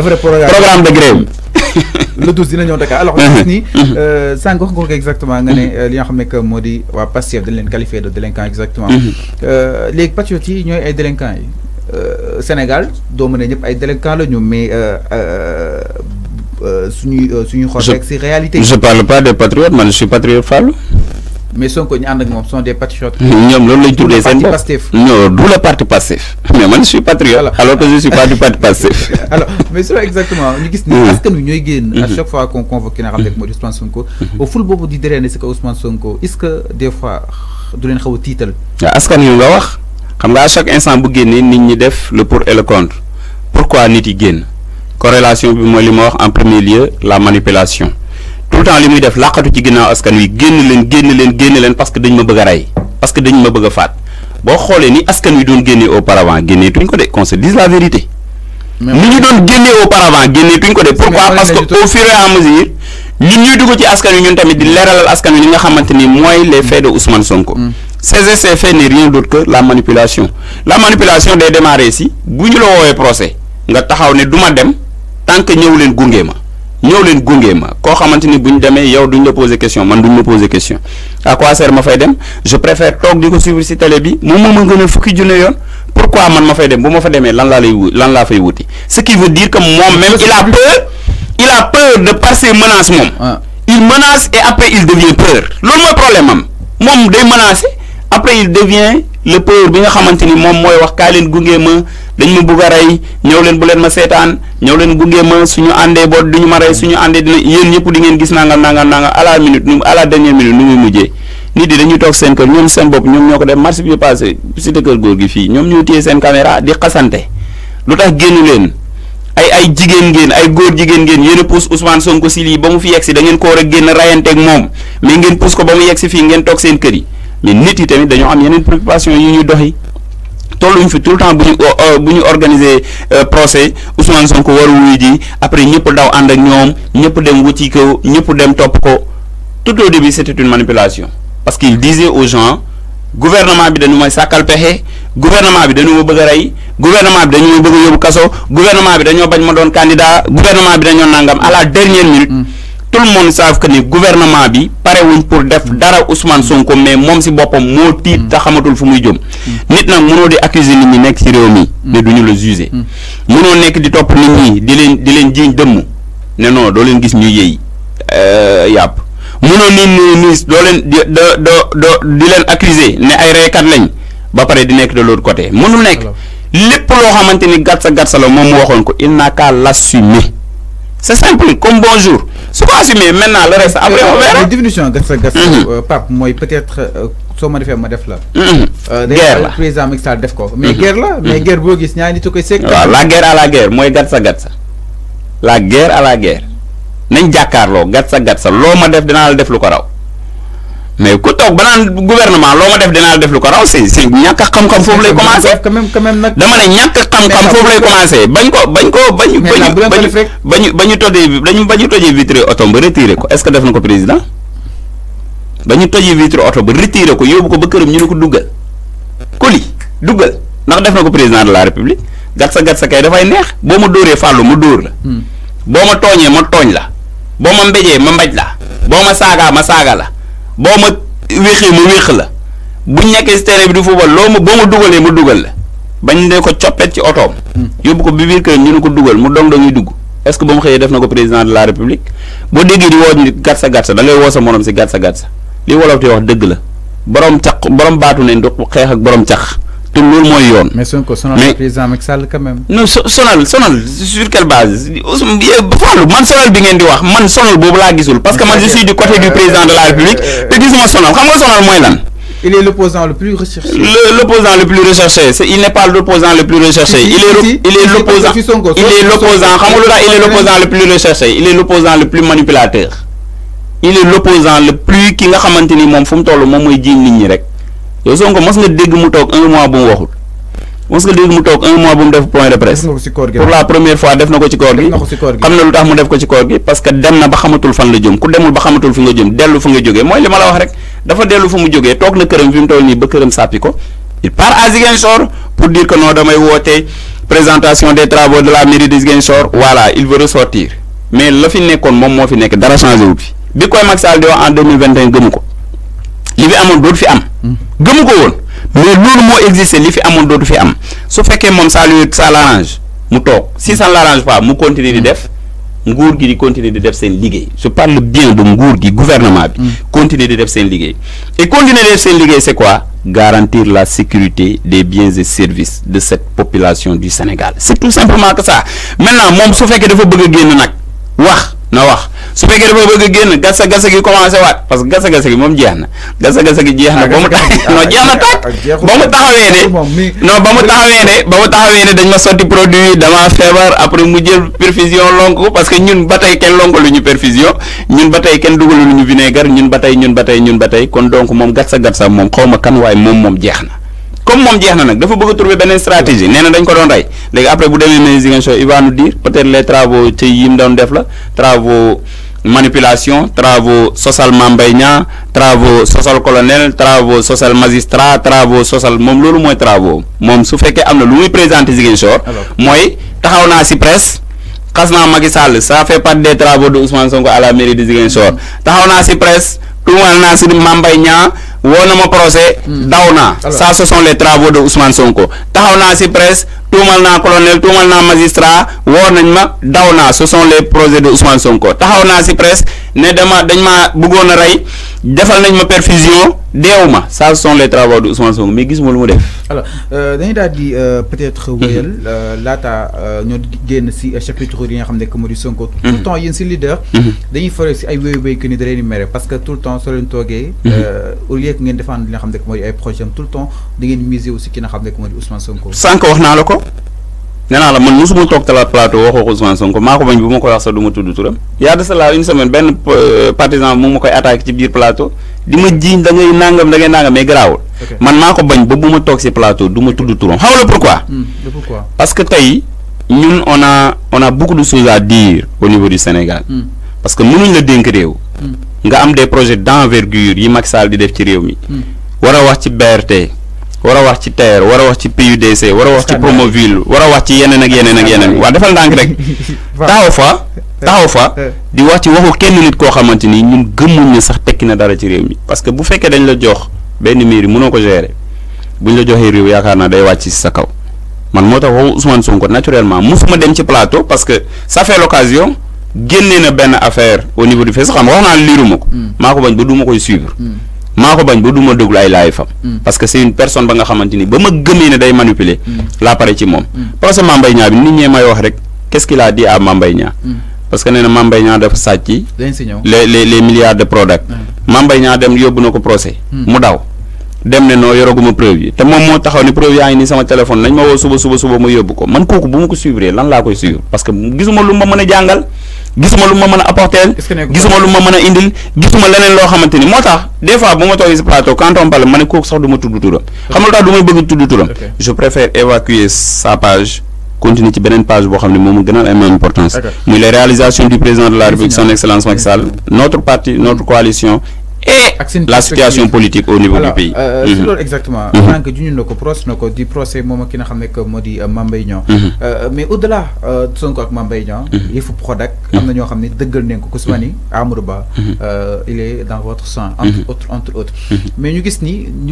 dafa def programme de grève le douze dina ñëw Dakar alors uh-huh. gis ni uh-huh. euh, sànq wax exactement nga ne uh-huh. euh, li nga xam ne que moo di waa Pastef dañ leen qualifié de délinquant exactement euh, léegi patriotes yi ñooy ay délinquants yi Sénégal doo mën ne ñëpp ay délinquants la ñu mais suñuy suñuy xool rek si réalité je parle pas des patriotes man je suis patriote Fallou mais son ñu ànd ak moom sont des patriotes. ñoom non d'où le parti passif. mais moi je suis patriote. alors que je suis pas du parti passif. alors mais c'est exactement Est-ce ni mm-hmm. nous nous, ñooy à mm-hmm. chaque fois qu'on convoque un nga de Maurice Sonko. Mm-hmm. au full vous dites, drainer si Ousmane Sonko est-ce que des fois du leen un titre Est-ce que nous nga wax xam nga à chaque instant bu génnee nit ñi le pour et le contre pourquoi nit yi génn corrélation bi mooy li ma wax en premier lieu la manipulation tout le temps li muy def làqatu ci ginnaw askan wi genn len genn len genn len parce que dañ ma bëgg ray parce que dañ ma bëgg fat bo xolé ni askan wi doon génnee auparavant genné tuñ ko dé qu'on se dise la vérité. ni ñu doon génnee auparavant genné tuñ ko dé pourquoi parce que au fur et à mesure ñun ñuy dugg ci askan wi ñun tamit di léralal askan wi li nga xamanteni moy les faits de Ousmane Sonko. Mm. ces faits n'est rien d'autre que la manipulation la manipulation day démarrer si bu ñu la woowee procès nga taxaw ne duma dem tant que ñëw leen gunge ñëw leen gunge ma ko xamanteni buñ démé yow duñ la poser question man duñ la poser question à quoi sert ma fay dem je préfère tok diko suivre ci télé bi mo mo ma fukki junne yoon pourquoi man ma fay dem bu ma fa démé lan la lay lan la fay wuti ce qui veut dire que mom même il a peur il a peur de par menace, menaces ah. il menace et après il devient peur le moy problème am day menacer. après il devient le peur bi nga xamante ni moom mooy wax kaa leen gunge ma dañ ma bugg a rey ñëw leen bu leen ma seetaan ñëw leen gunge ma suñu àndee boo ñu ma rey suñu àndee dina yéen ñëpp di ngeen gis nangam nangam nangam à la minute nu à la dernière minute nu muy mujjee nit yi dañuy toog seen kër ñoom seen bopp ñoom ñoo ko def marché bi passé cité kër góor gi fii ñoom ñoo téye seen caméra di xasante lu tax génnu leen ay ay jigéen ngeen ay góor jigéen ngeen yéen a pousse Ousmane Sonko fi yegg ngeen ko war a génn rayanteeg moom mais ngeen si fii ngeen toog kër yi mais nit yi tamit dañoo am yeneen préoccupation yu ñuy doxi tolluñ fi tout le temps bu ñu euh, euh, bu ñu organiser euh, procès Ousmane Sonko waru wuy ji après ñëpp daw ànd ak ñoom ñëpp dem wuti ko ñëpp dem topp ko tout au début c'était une manipulation parce qu'il disait aux gens gouvernement bi dañu may sàkkal pexe gouvernement bi dañu ma bëgg a rey gouvernement bi dañu ma bëgg a yóbbu kaso gouvernement bi dañoo bañ ma doon candidat gouvernement bi dañoo nangam à la dernière minute mm. tout le monde savent que ni gouvernement bi parewuñ pour def dara Ousmane Sonko mais moom si boppam moo tiit te xamatul fu muy jëm. nit nag mënoo di accuser nit ñi nekk si réew mi. ne mm. du la juger. Mm. mënoo nekk di topp nit di leen di leen jiiñ dëmm ne non doo leen gis ñu yëy euh, yàpp mënoo nit ñi doo leen di doo doo di leen accuser ne ay reykat lañ ba pare di nekk de l'autre côté mënul nekk lépp loo xamante ni gàtt sa la moom mu waxoon ko il n'a qu'à l'assumer c'est simple comme bonjour. su mais maintenant le reste après on euh, verra. diminution gatsa, gatsa. Mhm. Euh, Pape moi peut-être euh, soo ma defee ma def la. Mhm. guerre la président Macky def ko. mais mhm. guerre la mais guerre bo gis ñaari nit a koy la guerre à la guerre Moi gatsa gatsa. la guerre à la guerre nañ jakarlo gatsa. sa gat ma def dina la def lu ko raw. mais ku tok ba gouvernement loo ma def dina def lu ko raw c'est c'est ñàkk xam-xam fofu lay commencer quand même quand même nak dama ne ñàkk xam-xam fofu lay commencer bañ ko bañ ko bañ bañ bañ bañu tojee dañu bañu todé vitre auto ba retirer ko est ce que def nako président bañu todé vitre auto ba retirer ko yóbbu ko ba këram ñu ko duggal koli duggal nak def nako président de la république gat sa gat sa kay da fay neex boo ma dóoree fàllu ma dóor la hmm. boo ma tooñee ma tooñ la boo ma mbéjee ma mbaj la boo ma saagaa ma saga la boo ma wéexee mu wéex la bu nekkee si terrain bi du football loo ma boo ma dugalee ma dugal la ba ñu ne ko coppet ci otoom. Hmm. yóbbu ko bi biir kër ñu ne ko dugal mu dong dong ñuy dugg est-ce que ba mu xëyee def na ko président de la république boo déggee di woo nit gàtt sa gàtt sa da woo sa moroom si gàtt sa gàtt sa li wolof wax dëgg la borom caq borom baatu ne ndox xeex ak borom caq. te moins mooy yoon. mais Sonko sonal président Macky Sall quand même. non sonal sonal sur quelle base man sonal bi di man sonal gisoul parce que moi je suis du côté du président de la République te nom. sonal xam nga sonal moins lan. Il est l'opposant le plus recherché. L'opposant le, plus recherché, est, il n'est pas l'opposant le plus recherché. Il est il est l'opposant. Il est l'opposant. Il est l'opposant le plus recherché. Il est l'opposant le plus manipulateur. Il est l'opposant le plus qui n'a pas mom mon tollu mom moy où nit ñi rek yow Sonko mos nga un mois de presse pour la première fois def ci parce que ba xamatul fan la ku demul ba xamatul fi nga nga la wax rek dafa mu il part à Ziguinchor pour dire que non damay woote présentation des travaux de la mairie de Ziguinchor voilà il veut ressortir mais le fi nekkoon moom moo fi nekk dara changé bi koy di wax en 2021 ko li fi amoon dootu fi am. Hmm. gëmu ko mais loolu mo exister li fi amoon dootu fi am su fekke mom ça lui ça l'arrange mu tok si ça l'arrange pas mu continuer di def nguur gi di continuer di def sen liguey je parle bien de nguur gi gouvernement bi. Hmm. continuer di def sen liguey et continuer di def c'est quoi garantir la sécurité des biens et services de cette population du Sénégal c'est tout simplement que ça maintenant mom su fekke dafa bëgg a nak wax. na wax su fekkee dafa bëgg a génn gasa gasa gi commencé waat parce que gasa gasa gi moom jeex na gasa gasa gi jeex na ba mu tax ah, non ah, jeex na tàkk ah, ba mu taxawee de non ba mu taxawee de ba mu taxawee de dañ ma sotti produit dama feebar après mu jël perfusion lonk parce que ñun ba tey kenn lonk lu ñu perfusion ñun ba tey kenn dugalu lu ñu vinaigre ñun ba tey ñun ba tey ñun ba tey kon donc moom gasa gasa moom xaw ma kan waaye moom moom jeex na comme moom jeex na nag dafa bëgg a trouver beneen stratégie nee na dañ ko doon rey léegi après bu demee mais Ziguinchor il va nous dire peut-être les travaux ci yi mu doon def la travaux manipulation travaux social Mame Mbaye Niang travaux social colonel travaux social magistrat travaux moom loolu mooy travaux moom su fekkee am na lu muy présenté Ziguinchor mooy taxaw naa si presse xas naa Macky Sall ça fait partie des travaux de Ousmane Sonko à la mairie de Ziguinchor mm. naa si presse tuumal naa woo na ma projet daw naa ça ce sont les travaux de Ousmane Sonko taxaw naa si presse tuumal naa colonel tuumal naa magistrat woo nañ ma daw naa ce sont les projets de Ousmane Sonko taxaw naa si presse né dama dañ ma bëggona ray défal nañ ma perfusion déwuma ça sont les travaux d'Ousmane Sonko mais gis mo lu mu def. alors euh dañuy daal di euh, peut-être mhm. wéyal euh, lata euh, ñoo génn ci chapitre yi nga xam que moo Sonko. tout le mhm. temps yeen ci leader. Mhm. dañuy foré ci ay wéyu wéy que ni da leen méré parce que tout le temps soo leen euh au lieu que ngeen défendre li nga xamné que moo ay projet tout le temps da ngeen miser aussi ki nga xamné que moo Ousmane Sonko. Sonko wax na la ko. nee la man mosuma toog talaat plateau waxoo ko Ousmane Sonko maa ko bañ bu ma koy wax sax du ma tudd turam yaa de cela une semaine benn euh, partisan mu ma koy attaqué ci biir plateau di ma jiiñ da ngay nangam da ngay nangam mais garaawul. man maa ko bañ ba bu ma toog si plateau du ma tudd turam xaw hmm, pourquoi. parce que tey ñun on a on a beaucoup de choses à au niveau du Sénégal. Hmm. parce que mënuñ la dénk réew. Hmm. nga am des projets d'envergure yi mag saal di def ci réew mi. war a wax ci BRT. war a wax ci TER war a wax ci PUDC war a wax ci Promoville war a wax ci yeneen ak yeneen ak yeneen waa defal ndànk rek taxaw fa eh, taxaw fa eh. di wax ci waxu kenn nit koo xamante ni ñun gëmuñ ne sax tekki na dara ci réew mi parce que bu fekkee dañ la jox benn mairie mënoo ko gérer buñ la joxee réew yaakaar naa day wàcc si sa kaw man moo tax waxu Ousmane Sonko naturellement ma dem ci plateau parce que ça fait l'occasion génnee na benn affaire au niveau du fait e sax xam nga naa liiruma ko hmm. maa ko bañ du ma koy suivre hmm. maa ko bañ ba duma ma déglu ay laay fam mm. parce que c'est une personne ba nga xamante ni ba ma gëmee ne day manipuler. Mm. laa pare ci moom. Mm. procès Mame Mbaye bi nit ñee may wax rek qu'est-ce a dit à Mame Mbaye Niang. parce que nee na Mame Mbaye Niang dafa sàcc. les les les milliards de Prodac. Mame Mbaye Niang dem yóbbu na ko procès. mu daw. dem ne noo yoraguma preuve yi te moom moo taxaw ni preuve yaa ni sama téléphone lañ ma woo suba suba suba ma yóbbu ko man koku bu ma ko suivre lan la koy suivre parce que gisuma lu ma mën a gisuma lu ma mën apporter gisuma lu ma mën indil gisuma leneen lo xamanteni ni tax des fois bu ma toogee si plateau quand on parle ma koku sax duma tuddu tudd turam xam nga lu tax du may bëgg tudd turam je préfère évacuer sa page continuer ci benen page bo xamni momu moom ay même am importance muy les réalisations du président de la République son excellence Macky Sall notre parti notre coalition et la situation politique au niveau du pays. Euh, mhm. exactement. maanaam mhm. d'une na ko procès na ko di procès moom ak ki nga xam ne que moo mais au euh, delà de son Mame Mbaye Niang. Mhm. Euh, il faut am na ñoo xam ne dëggal nañ ko ku si ni il est dans votre sang. entre autres entre autres. mais ñu gis ni.